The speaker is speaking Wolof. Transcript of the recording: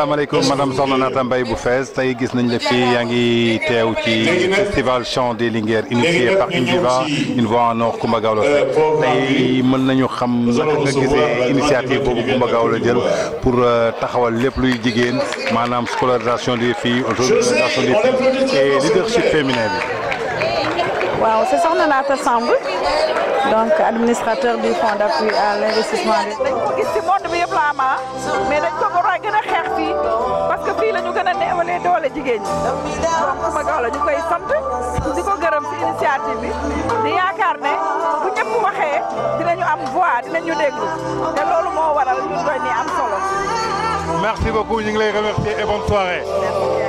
asalaamaaleykum madame Soxna Naata Mbaye bu tay gis nañ la fi yaa ngi teew ci festival chant des Linguères initié par Indiva une voix en or Coumba Gawlo Seck euh, meun nañu xam naka nga gisee initiative boobu Coumba Gawlo jël pour euh, taxawal lepp luy jigéen manam scolarisation des filles autonomisation des filles et leadership féminin bi. waaw c'est Soxna Naata Samb donc administrateur du fonds d'appui à l'investissement des. gën a néewalee doole jigéen ñi donc Coumba Gawlo ñu koy sant di ko gërëm si initiative bi di yaakaar ne bu ñëpp waxee dinañu am voix dinañu déglu te loolu moo waral ñu doy ni am solo merci beaucoup ñu ngi lay remercier et